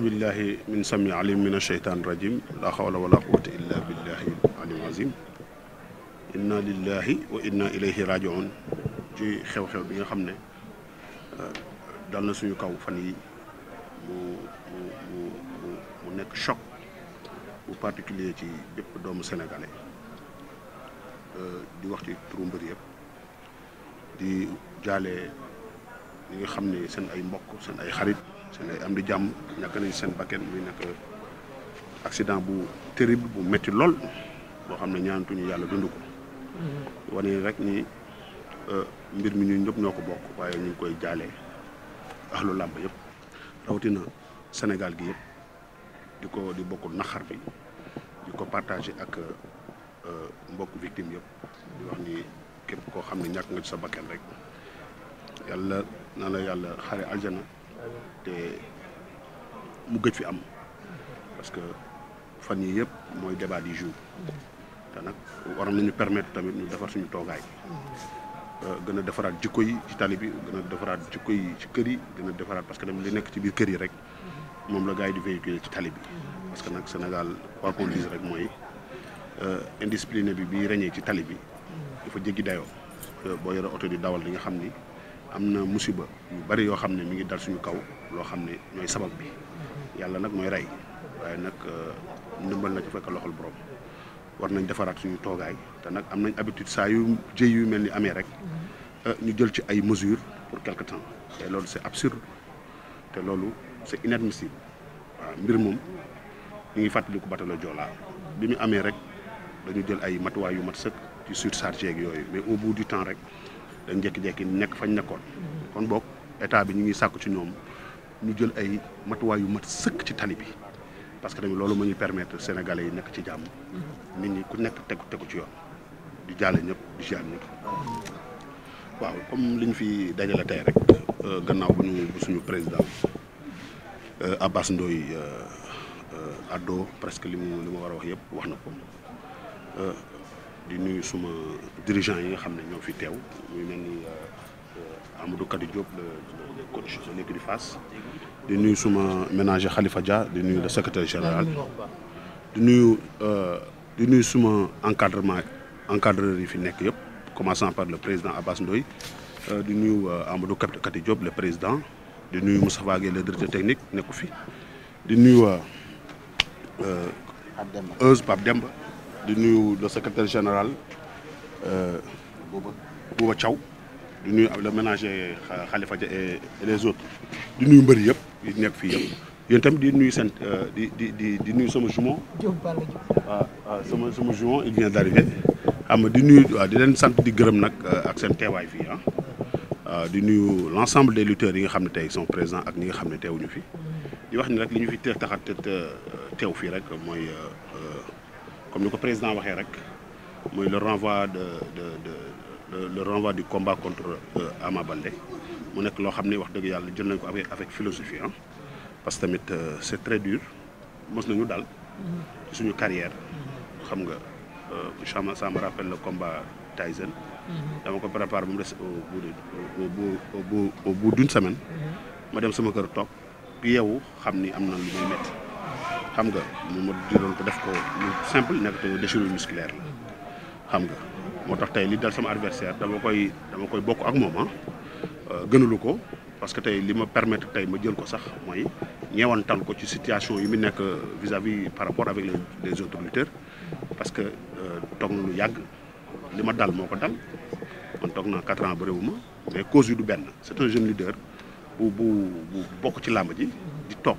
بالله من سمي عليم من الشيطان الرجيم لا حول ولا قوة إلا بالله العلي العظيم إنا لله وإنا إليه راجعون جي خيو خيو بيغا خا مني دال نا سونو كاو فاني مو مو مو نيك شوك و بارتيكولير تي بيب دوم سينغالي دي وقتي ترومبر ييب دي جالي ليغا خا مني اي موك سن اي خريط seen am di jàmm ñàkk nañ seen bakken muy bu terrible bu métti lool boo xam ne ñaantuñu yàlla dund ko. Mm-hmm. wane rek ni euh, mbir mi ñun ñëpp ñoo ko bokk waaye ñu ngi koy jaalee ahlu làmb yëpp rawatina Sénégal gi yëpp di ko di bokk naxar bi di ko partagé ak euh, mbokk victime yëpp di wax ni képp koo xam ne ñàkk nga ci sa bakken rek yàlla na la yàlla xare aljana te mu gëj fi am parce que fan yii yëpp mooy débat du jour te nag waroon nañu permettre tamit ñu defar suñu toogaay euh, gën a defaraat jikko yi ci tali bi gën a defaraat jikko yi ci kër yi gën a defaraat parce que tamit li nekk ci biir kër yi rek moom la gars yi di véhiculer ci tali bi parce que nag Sénégal quoi qu'on dise rek mooy euh, indiscipliné bi bi reñee ci tali bi dafa jéggi dayoo euh, boo yore oto di dawal li nga xam ni am na musiba yu bari yoo xam ne mi ngi dal suñu kaw loo xam ne ñooy sabab bi yàlla nag mooy rey waaye nag euh, ndimbal na ci fekk loxol borom war nañ defaraat suñu toogaay te nag am nañ habitude saa yu jëy yu mel ni amee rek euh, ñu jël ci ay mesures pour quelque temps te loolu c'est absurde te loolu c'est inadmissible waaw mbir moom mu ngi fàttaliku batalo joolaa bi mu amee rek dañu jël ay matuwaay yu mat sëkk ci surcharge ak yooyu mais au bout du temps rek dañ jékki-jékki nekk fañ nekkoon kon book état bi ñu ngi sàkku ci ñoom ñu jël ay matuwaay yu mat sëkk ci tali bi parce que tamit loolu mu ñu permettre sénégalais yi nekk ci jàmm nit ñi ku nekk tegu tegu ci yoon di jaale ñëpp di jaar ñëpp waaw comme liñ fi dajale tey rek euh, gannaaw bu ñu bu suñu président euh, Abass Ndoye euh, addo presque li mu li ma war a wax yëpp wax na ko di nuyu suma dirigeant yi nga xam ne ñoo fi teew muy mel ni euh, Amadou Kadi Diop le coach de l'équipe du Fass di nuyu suma ménager Khalifa Dia di nuyu le secrétaire général di nuyu euh, di nuyu suma encadrement encadreur yi fi nekk yëpp commençant par le président Abbas Ndoye euh, di nuyu Amadou Kati Diop le président di nuyu Moustapha Gueye le directeur technique nekku fi di nuyu Euse Pape Demba nuyu le secrétaire général euh, Bouba le ménager Khalifa et les autres Nous nuyu Mbari nuyu il vient d'arriver nuyu l'ensemble des lutteurs sont présents ak sommes nga xam ne fi di wax ni fi comme ni président waxee rek mooy le renvoi de de de le renvoi du combat contre euh, Ama Baldé mu nekk loo xam ne wax dëgg yàlla jël nañ ko avec avec philosophie Hein, parce que tamit euh, c'est très dur mos nañu daal ci suñu carrière xam nga chama euh, ça me rappelle le combat Tyson dama ko préparé ba mu au bout au bout au bout d' semaine mhm. ma dem sama kër top. yeewu xam ni am na lu muy mettre xam nga mu ma ko def ko lu simple nekk te déchirure musculaire la xam nga moo tax tey li dal sama adversaire dama koy dama koy bokk ak moom ah euh, gënalu ko parce que tey li ma permettre tey ma jël ko sax mooy ñeewantal ko ci situation yi mu nekk vis-à-vis par rapport avec les autres lutteurs parce que euh, toog na lu yàgg li ma dal moo ko dal man toog naa 4 ans ba réew mais cause yi du benn c'est un jeune leader bu bu bu bokk ci làmb ji di toog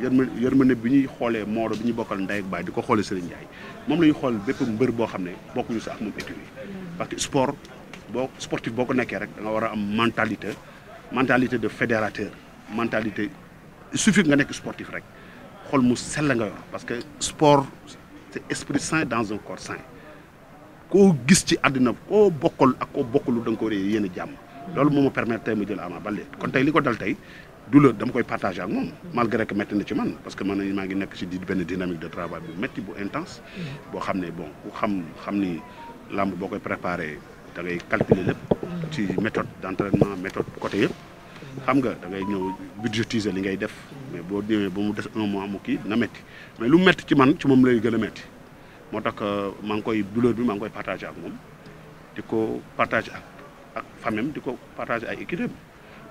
yërmande yërmande bi ñuy xoolee Moro bi ñu bokkal ak bay diko xolé Serigne Ndiaye mom la xol bepp bépp mbër boo xam ne bokkuñu sax ak moom parce que sport bok sportif boko ko rek da nga wara am mentalité mentalité de fédérateur mentalité il suffit nga nek sportif rek xol mu sel nga yor parce que sport c'est esprit sain dans un corps sain ko gis ci àddina ko bokkal ak ko bokkalu dang ko war yene yéene lolou loolu permettre tey ma jël Ama Baldé kon tay liko dal tay douleur dama koy partager ak mom malgré que metti na ci man parce que man maa ngi nek ci di ben dynamique de travail bu metti bu intense bo xamné bon ku xam xam ni làmb boo préparer da ngay calculer lepp ci méthode d'entraînement méthode côté yëpp xam nga da ngay ñëw budgétiser li ngay def mais bo démé bu mu dess un mois mu ki na metti mais lu metti ci man ci mom lay gëna metti motax moo euh, ngi koy douleur bi maa ngi koy partager ak mom diko partager ak ak famem diko partager ay équipe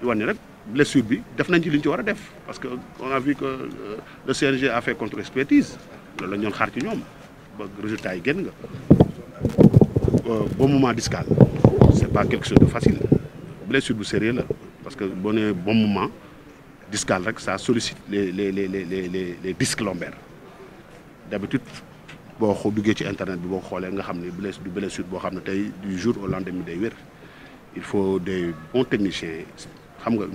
di wane rek blessure bi def nañ ci liñ ci war a def parce que on a vu que euh, le CNG a fait contre expertise loolu la ñu doon xaar ci ñoom ba résultat yi génn nga euh, bon moment discal c'est pas quelque chose de facile blessure bu sérieux la parce que boo nee bon moment discal rek ça sollicite les les les les les les disques lombaires d'habitude boo xoo duggee ci internet bi boo xoolee nga xam ne blessure du blessure boo xam ne tey du jour au lendemain day wér il faut des bons techniciens xam ñu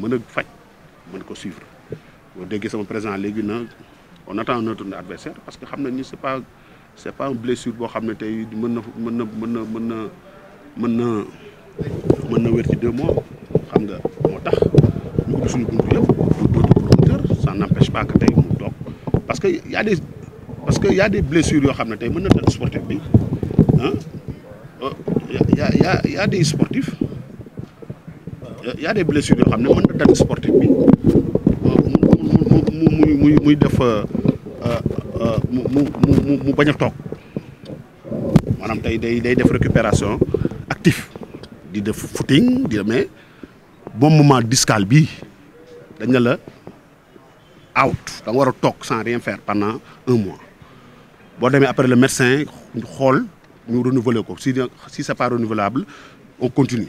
mën a faj ko suivre boo déggee sama na on attend notre adversaire parce que xam n'est c'est pas c'est pas une blessure boo xam ne tey mën na mën na mën na ci deux mois xam nga ñu ça n'empêche pas que tey mu toog parce y a des parce que y a des blessures yoo xam ne tey dal sportif bi hein. euh, y a y a y a des sportifs. Il y a des blessures yo xamné mën na y sportif bi mu mu muy def euh, euh, euh, mu mu a toog day def récupération footing mais bon moment discal dañ out sans rien faire pendant un mois après le médecin xol xool renouveler ko si ce n'est pas renouvelable on continue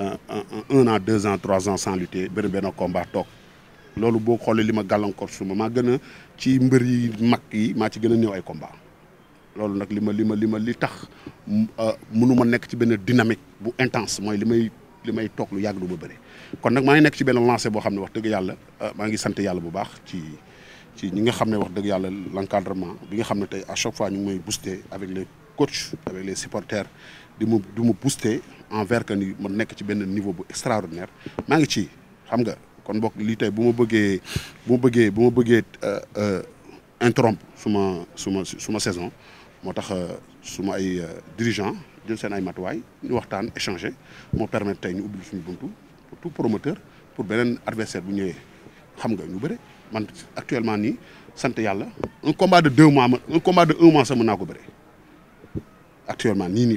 un un an deux ans trois ans sans lutter bëri benn combat toog loolu boo xoolee lima ma gàllankoor suma maa gën a ci mbër yi qui yi maa ci ay combat loolu nak lima lima lima ma li ma li tax euh, ma ci dynamique bu intense mooy lima may li may toog lu yàgg du ma bëri kon nag maa ngi nekk ci benn lancé boo xam wax dëgg yàlla euh, maa ngi sante yàlla bu baax ci ci ñi nga xam wax l'encadrement bi nga te à chaque fois ñu ngi booster avec les coachs avec les supporters du mu di mu booster envers que niveau extraordinaire Je suis ci xam nga kon ma saison Je euh, suis suma dirigeant je suis ay je suis échangé. échanger moo je ñu pour tout promoteur pour un adversaire bu ñëwee xam actuellement ni sant yalla un combat de deux mois un combat de un mois actuellement ni ni.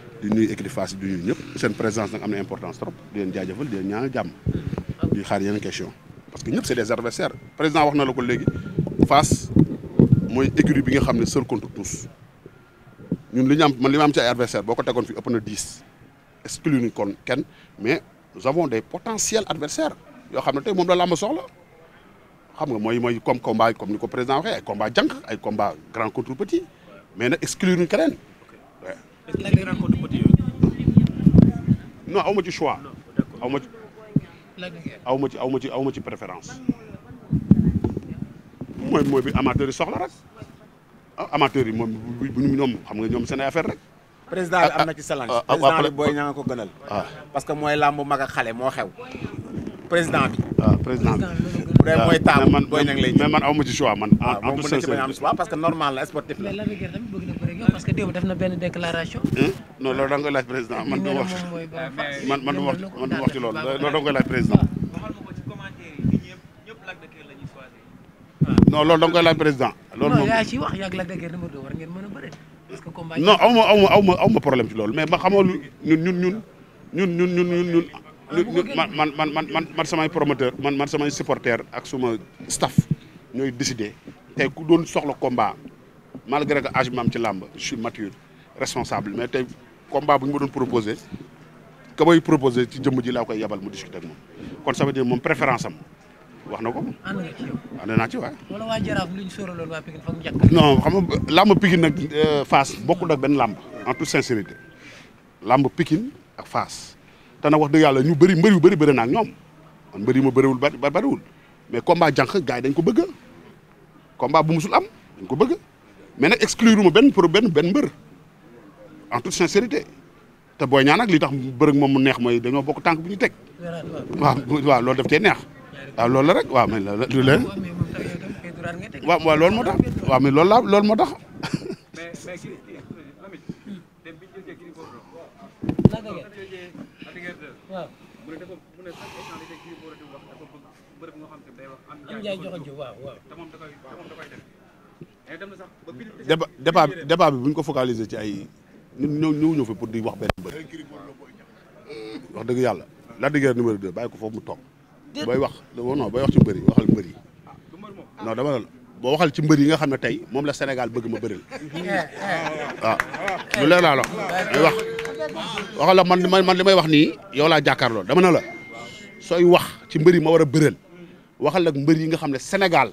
di nuyu équipe Fass di nuyu ñëpp seen présence nag am na importance trop di leen jaajëfal di leen ñaanal jàmm di question parce que nous c'est des adversaires président wax na la ko léegi Fass une écurie bi nga xam seul contre tous ñun li ñu am man li am ci adversaires boo ko tegoon fi ëpp na dix exclu mais nous avons des potentiels adversaires yoo xam ne tey moom la làmb soxla xam nga mooy comme combat comme ni ko président waxee combat jànq ay combat grand contre petit mais exclure une ñu est-ce non choix. préférence. je suis amateur de ah, amateur je président je ah, am na ah, ci parce que moi, mag ak président président bu dee mooy taamu man booy ñang lay mais man aw ci choix man. Ah, en tout cas parce que normal sportif la. mais Lac de Guiers tamit bëgg na bëri yow parce que démb def na benn déclaration. Hmm? non loolu da nga koy laaj président man du wax man man du wax man du wax ci loolu loolu da nga koy laaj président. Ah. non loolu da nga koy laaj président. loolu moom non yaa ci wax yàgg Lac de numéro war ngeen mën a parce que combat non aw ma aw problème ci loolu mais ba xamoo ñun ñun ñun ñun ñun ñun. lu lu man man man man man samay promoteur man man samay supporter ak suma staff ñoy décider tay ku doon soxla combat malgré que âge mam ci lamb je suis mature responsable mais tay combat bu ma doon proposer ka may proposer ci jëm ji la koy yabal mu discuter ak moom kon ça veut dire moom préférence am wax na ko. ànd nga ci wa wala waa Jaraaf lu ñu sóoraloon waa Pikine fa mu njëkk. non xam nga làmb Pikine nak euh, face bokku nak ben lamb en toute sincérité lamb Pikine ak face te nag wax dëgg yalla ñu bari mbër yu bari bëri na ak ñoom man mbër yi ma bëriwul ba bëriwul mais combat jank gaay dañ ko bëgg combat bu musul am dañ ko bëgg mais nak exclure ma ben pour ben ben mbeur en toute sincérité té boy ñaan nak li tax bërëg moom mu neex moy dañu bokk tank bu ñu teg wa waaw loolu daf cee neex wa lool la rek wa mais lu leen wa wa lool motax wa mais lool la lool motax mais mais ki jé loolu ko do la tax chaque échange da bi débat bi ko focaliser ci ay ñëw ñëw ñëw fi pour di wax benn bër wax dëgg yàlla la diggee Guiers numéro 2 bàyyi ko foofu mu toog booy wax non booy wax ci mbër yi waxal mbër yi ah, non dama la boo waxal ci mbër yi nga xam ne tey moom la Sénégal bëgg ma bëril waaw ah, lu leer laa la wax waxal la man man may wax nii yow laa jàkkaarloo dama na la sooy wax ci mbër yi ma war a bëreel waxal nag mbër yi nga xam ne Sénégal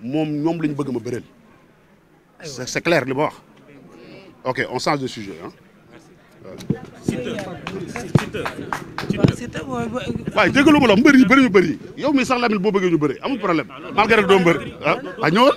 moom ñoom la bëgg ma bëreel c'est clair li ma wax ok on change de sujet ah. waaw jégalu ma la mbër yi bëri ñu bëri yow mi sax Lamine boo bëggee ñu bëri amul problème malgré doo mbër ah, ah ñëwal.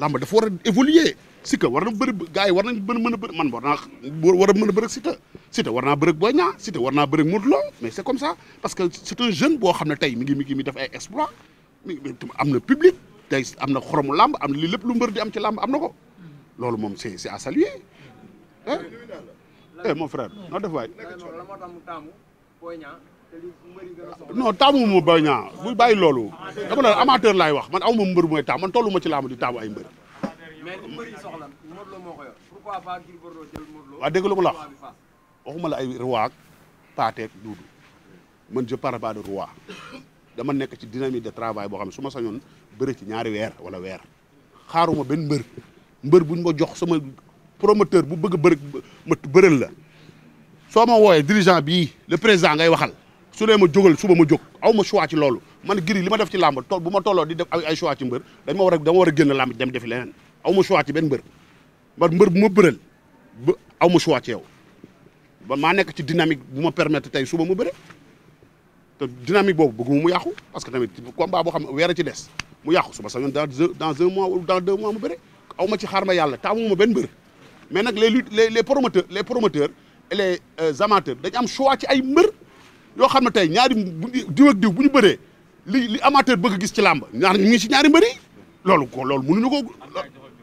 làmb dafa war a évoluer Siteu war na bëri gars yi war nañ mën a bëri man war naa war a mën a bëri Siteu Siteu war naa bëri Boy Niang Siteu war naa bëri Modou Lo mais c'est comme ça parce que c'est un jeune boo xam ne tey mi ngi mi ngi mi def ay exploit mi am na public tey am na xoromu làmb am na lii lépp lu mbër di am ci làmb am na ko loolu moom c'est c'est à saluer hein? eh mon frère noo def waay non taamu mu ba Niang muy bàyyi loolu dama ne amateur laay wax man amuma mbër mooy taam man tollu ma ci laamu di taamu ay mbër. ay roi ak paateek duudu man je nekk ci dynamique de travail boo xam ne su ma sañoon bëri ci ñaari weer wala weer xaaruma benn mbër mbër buñ ma jox sama promoteur bu bëgg a bëri ma bëril la soo ma wooyee dirigeant bii le président ngay waxal. su dee ma jógal suba ma jog aw ma choix ci loolu man Gris li ma def ci làmb tool bu ma tolloo di def ay choix ci mbër dañ ma war a dama war a génn làmb dem defi leneen aw ma choix ci benn mbër mbër bu ma bëral ba aw ma choix yow ba maa nekk ci dynamique bu ma permettre tey suba ma bëre te dynamique boobu bëgguma mu yàqu parce que tamit combat boo xam weer a ci des mu yàqu suba sax ñun dans dans un mois ou dans deux mois mu bëre aw ma ci xaar ma yàlla taamu ma benn mbër mais nag les luttes les promoteurs les promoteurs et les euh, amateurs dañ am choix ci ay mbër yoo xam ne tey ñaari diw ak diw bu ñu bëree li li amateur bëgg gis ci làmb ñaar ñu ngi si ñaari mbër yi loolu ko loolu mënuñu ko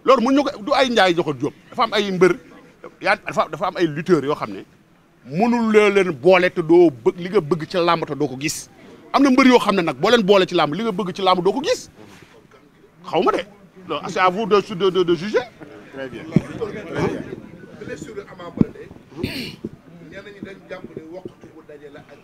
loolu mënuñu ko du ay njaay joxo jóob dafa am ay mbër yaa dafa dafa am ay lutteurs yoo xam ne mënul loo leen boole te doo bëgg li bëgg ci làmb te doo ko gis am na mbër yoo xam ne nag boo leen boole ci làmb li nga bëgg ci làmb doo ko gis xaw ma de loolu ah, c'est à vous de de de de juger. très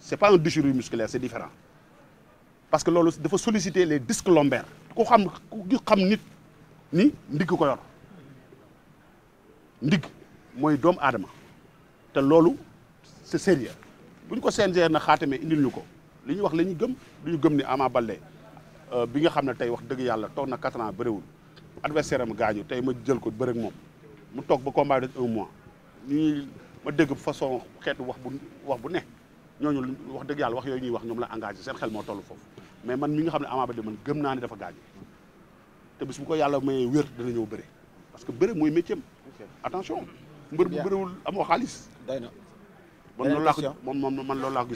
c'est pas un déchirure musculaire c'est différent parce que loolu dafa solliciter les disques lombaires ku xam ku xam nit ni ndigg ko yor ndigg mooy doomu aadama te loolu c'est sérieux bu ñu ko CNG na xaatamee indil ñu ko li ñuy wax la ñuy gëm lu ñu gëm ni Ama Baldé euh, bi nga xam ne tey wax dëgg yàlla toog na quatre ans bëriwul adversaire am gaañu tey ma jël ko bëreeg moom mu toog ba combat de un mois ñuy ma dégg façon xeetu wax bu wax bu ne ñooñu wax dëgg yàlla wax yooyu ñuy wax ñoom la engagé seen xel moo toll foofu mais man mi nga xam ne Ama Baldé man gëm naa ne dafa gaañu te bis bu ko yàlla mayee wér dana ñëw bëre parce que bëre mooy métier attention mbër bu bëriwul amoo xaalis day na man loolu laa ko man man loolu laa ko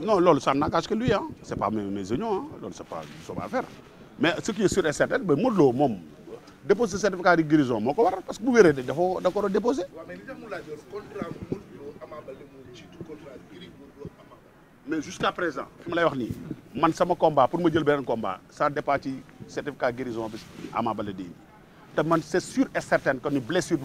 non lol, ça n'engage que lui hein. pas mes oignons Hein. n'est pas pas affaire mais ce qui est sûr et certain c'est que Lo dépose le certificat de guérison parce que vous verrez, il mais jusqu'à présent je combat pour combat ça dépend le certificat guérison de sûr et certain que les blessure que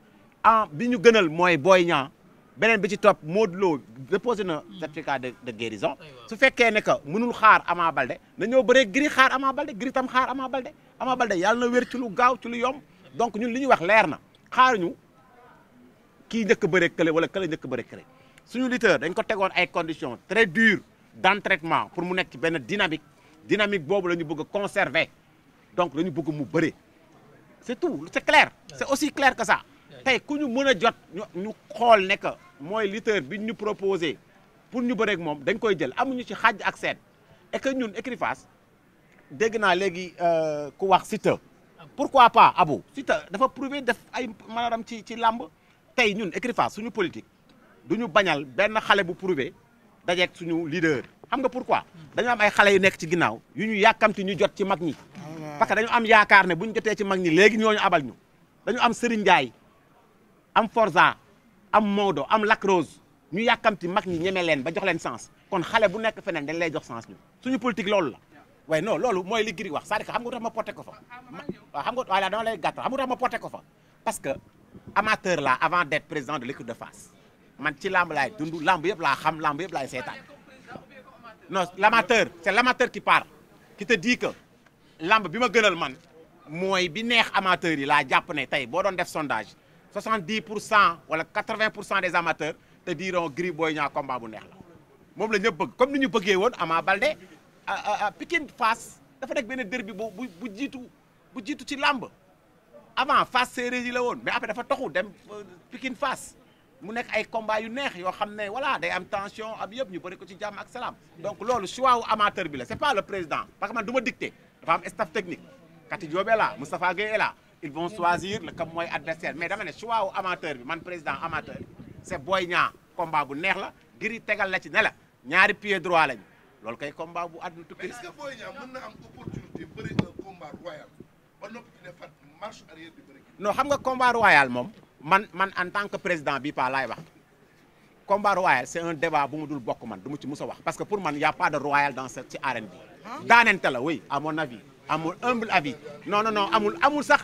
en biñu gënal moy Boy benen bi ci top modlo déposé na certificat de de guérison su fekkee né que mënul xaar Ama Baldé dañu ñëw gri Gris xaar Ama Baldé Gris tam xaar Ama Baldé Ama Baldé yalla na wër ci lu gaaw ci lu yom donc ñun liñu wax lérna na xaaruñu kii njëkk bëree kële wala kële njëkk bëree kële suñu leader dañ ko téggone ay conditions très dures d'entraînement pour mu nekk ci benn dynamique dynamique bobu lañu bëgg conserver donc lañu bëgg mu bëree c'est tout c'est clair c'est aussi clair que ça tey ku ñu mën jot ñu xol xool ne que mooy lutteur bi ñu proposer pour ñu bërek mom dañ koy jël amuñu ci xajj ak sét et que ñun écurie Fass dégg légui euh ku wax Siteu pourquoi pas Abou Siteu dafa prouver def ay maanaam ci ci lamb tay ñun écurie Fass suñu politique duñu bañal ben xalé bu prouver dajé ak suñu leader xam nga pourquoi dañu am ay xalé yu nekk ci ginnaw yu ñu yàkkamti ñu jot ci mag ñi ah. parce que dañu am yaakaar ne buñu ñu ci mag ñi légui ñoo ñu abal ñu dañu am Serigne Ndiaye am Forza am modo am Lac ñu yakamti mag ni ñeme leen ba jox sens kon bu dañ lay jox sens ñu suñu politique lool la way non lool moy li Giri wax cest que xam nga ma ko fa xam nga wala dama ko parce que amateur là, avant d'être président de l'équipe de face, man ci lamb lay dundu lamb yeb la xam lamb non l'amateur c'est l'amateur qui parle qui te dit que lamb bima gënal man moy bi neex amateur yi la japp ne def sondage 70 pour wala 80 des amateurs te diront Gris Boy Niang combat bu neex la moom la ñëpp comme ni ñu bëggee woon Ama Baldé Pikine Fass dafa nekk benn derby bu bu bu bu jiitu ci lamb avant face séeréer yi la won mais après dafa toxu dem euh, Pikine face mu nek ay combat yu neex yo xamné ne voilà day am tension am yëpp ñu bëri ko ci jàmm ak salam donc lolu choix wu amateur bi la c'est pas le président parce que man duma dicter dafa am staff technique Kati jobé la là Moustapha Gueye est là ils vont choisir le comme mooy adversaire mais dama le choix wu amateur bi man président amateur c'est Boy Niang combat bu neex la ngir tegal la ci ne ñaari pied droit lañu loolu kay combat bu àdduna tukki. mais est-ce que Boy Niang mën na am opportunité bëri un combat royal ba noppi di ne fat marche arrière du bëri. non xam nga combat royal mom, man man en tant que président bi pa laay wax combat royal c'est un débat bu mu dul bokk man du ci wax parce que pour man y a pas de royal dans cette arène bi hein? daanente la oui à mon avis à mon humble avis non non non amul amul sax.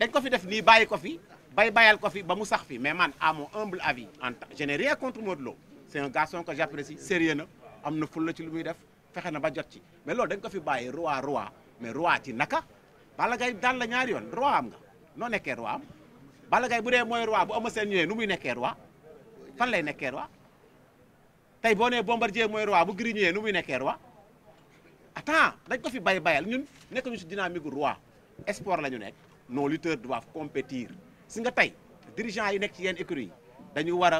dañ ko fi def nii bàyyi ko fi bay bayal ko fi ba mu sax fi mais man à mon humble avis en tant je n'ai rien contre Modou Lo c'est un garçon que j'apprécie sérieux na am na fulla ci lu muy def fexe na ba jot ci mais loolu dañ ko fi bàyyi roi roi mais roi ci naka bala Gaye dal la ñaari yoon roi am nga noo nekkee roi am Balla Gaye bu dee mooy roi bu Eumeu Sène ñëwee nu muy nekkee roi fan lay nekkee roi tey boo nee Bombardier mooy roi bu Gris ñëwee nu muy nekkee roi attends dañ ko fi bay bayal ñun nekk ñu si dynamique roi sport la ñu nekk nos lutteurs doivent compétir si nga tey dirigeants yi nekk ci yenn écuries yi dañu war a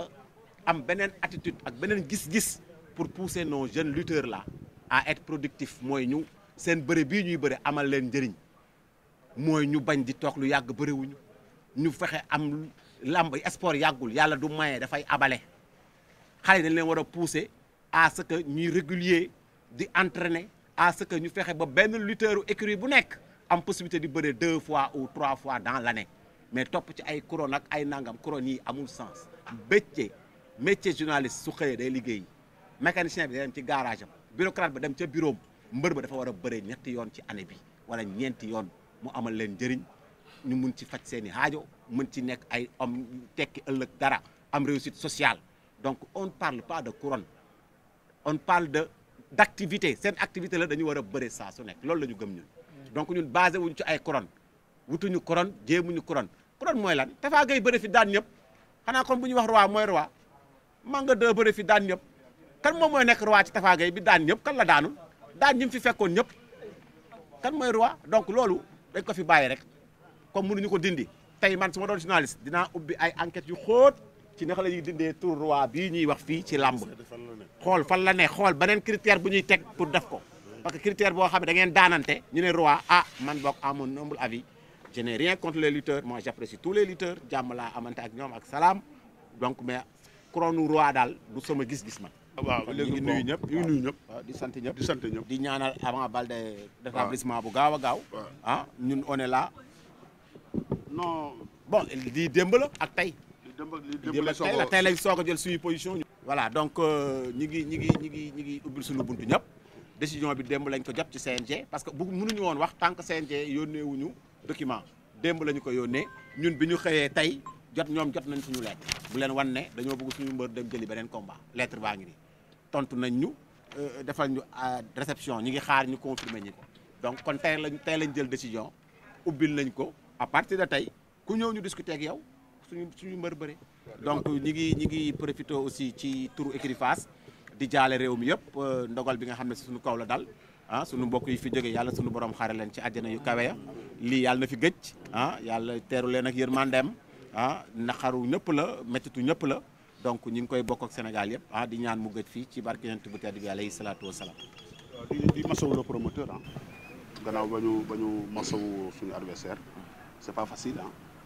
am beneen attitude ak beneen gis-gis pour pousser nos jeunes lutteurs là à être productifs mooy ñu seen bëre bii ñuy bëre amal leen njëriñ mooy ñu bañ di toog lu yàgg bëriwuñu ñu fexe am lamb sport yàggul yàlla du maye dafay abale xale yi dañ leen war a pousser à ce que ñuy régulier di entraîner à ce que ñu fexe ba benn lutteuru écurie bu nekk am possibilité di bëre deux fois ou trois fois dans l'année mais top ci ay couronne ak ay nangam couronne yi amul sens métier métier journaliste su xëyee day liggéey mécanicien bi dem ci garage am bureaucrate ba dem ci bureau mbër ba dafa wara a bëre ñetti yoon ci année bi wala ñeenti yoon mu amal leen njëriñ ñu mun ci faj seen haajo aajo ci nekk ay homme tekki ëllëg dara am réussite sociale donc on parle pas de couronne on parle de d'activité activité seen activité la dañu war a bëre saa su nekk loolu la ñu gëm ñun donc ñun basé wuñ ci ay couronne wutuñu couronne jéemuñu couronne couronne mooy lan Tapha Gueye bëri fi daan ñëpp xanaa kon bu ñuy wax roi mooy roi Manga 2 bëri fi daan ñëpp kan moom mooy nekk roi ci Tapha bi daan ñëpp kan la daanu daan ñi fi fekkoon ñëpp kan mooy roi donc loolu dañ ko fi bàyyi rek comme mënuñu ko dindi tey man su ma doon journaliste dinaa ubbi ay enquêtes yu xóot ci naka la ñuy dindee tur roi bi ñuy wax fii ci làmb xool fan la ne xool beneen critère bu ñuy teg pour def ko parce que critère bo da roi ah à mon avis je n'ai rien contre les lutteurs moi j'apprécie tous les lutteurs ak donc mais couronne roi dal du sama gis-gis man. Ah, waaw sommes ah, di di avant on est là. non bon di la ak tay position. voilà donc euh, ñi ngi ñi ngi ñi ngi ngi décision bi demb lañ ko jot ci CNG parce que bu ñu won wax tank CNG yónnee wuñu document demb lañ ko yónnee ñun biñu ñu tay jot ñom jot nañ suñu lettre bu len wan ne dañoo bëgg suñu mbër dem jëli benen combat lettre baa ni tontu nañ ñu euh, defal ñu euh, réception ñi ngi xaar ñu confirmer ñi ko donc kon tey lañ tay lañ jël décision ubbil nañ ko à partir de tay ku ñew ñu discuter ak yow suñu suñu mbër bëré donc ñi ngi ñi ngi profité aussi ci tour écrit face di jaale réew mi yëpp euh, ndogal bi nga xam ne si suñu kaw la dal ah suñu mbokk yi fi jógee yàlla suñu borom xaare leen ci àjjana yu kawe ya lii yàlla na fi gëj ah yàlla teeru leen ak yërmandeem ah naqaru ñëpp la méttitu ñëpp la donc ñi ngi koy bokk ak Sénégal yëpp ah di ñaan mu gëj fii ci barke yonent bu tedd bi alayhi salaatu wasalaam euh, di di masawu le promoteur ah gannaaw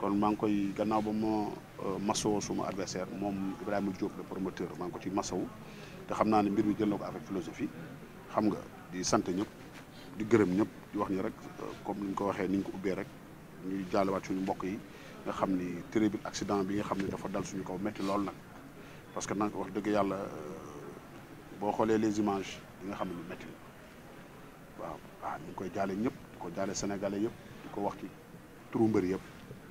kon maa ngi koy gannaaw ba mu euh, masawoo suma adversaire moom Ibrahima Diop le promoteur maa ngi ko ci masawu te xam naa ne mbir mi jël na ko avec philosophie xam nga di sant ñëpp di gërëm ñëpp di wax ni rek euh, comme ni ñu ko waxee ni ñu ko ubbee rek ñuy jaalewaat suñu mbokk yi xam ni terrible accident bi nga xam ne dafa dal suñu kaw métti lool nag parce que nag wax dëgg yàlla euh, boo xoolee les images di nga xam ne lu métti waaw waaw ñu koy jaale ñëpp di ko jaale sénégalais yëpp di wax ci turu mbër yëpp.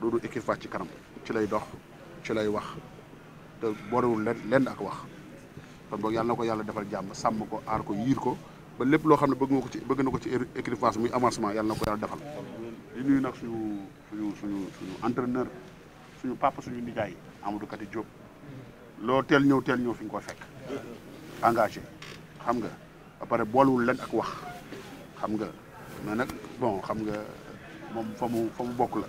loolu équipe Fass ci kanam ci lay dox ci lay wax te boolewul lenn lenn ak wax kon boog yàlla na ko yàlla defal jàmm sàmm ko aar ko yiir ko ba lépp loo xam ne bëgg nga ko ci bëgg na ko ci équipe Fass muy avancement yàlla na ko yàlla defal li nuyu nag suñu suñu suñu suñu suñu papa suñu nijaay Amadou Kati jóob loo teel ñëw teel ñëw fi nga koy fekk engagé xam nga apare pare boolewul lenn ak wax xam nga mais nag bon xam nga moom fa mu fa mu bokk la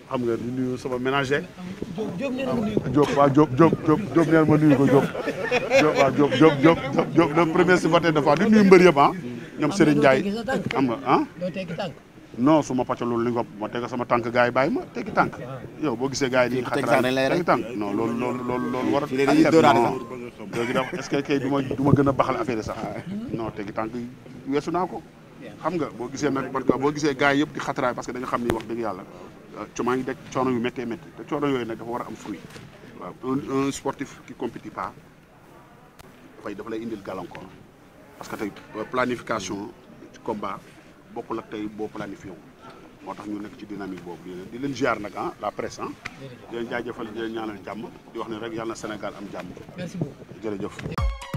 xam nga di sama ménager. Diop waaw Diop Diop Diop Diop neen ma nuyu ko Diop. Diop waaw Diop Diop Diop Diop le premier supporter de ah. ñoom Serigne Ndiaye xam nga ah. non su ma pàcc loolu li nga ma teg sama tànk gars yi bàyyi ma teggi tànk ah. yow boo gisee gars yi di xatraay teggi tànk non loolu loolu loolu loolu war a ma a baxal affaire sax ah. non teggi tànk weesu ko nga boo gisee boo gisee gars yi yëpp di xatraay parce nga xam ni wax dëgg yàlla maa ngi daj coono yu méttee métti te choono yooyu nag dafa war a am fruit waaw un un sportif qui compétit pas dafay dafa lay indil gàllankoor parce que tey euh, planification ci combat bokkul ak tey boo planifié wu moo tax ñu nekk ci dynamique boobu di leen ziar nag ah la presse ah. di leen jaajëfal di leen ñaanal jàmm di wax ne rek yàlla na Sénégal am jàmm. merci beaucoup jërëjëf.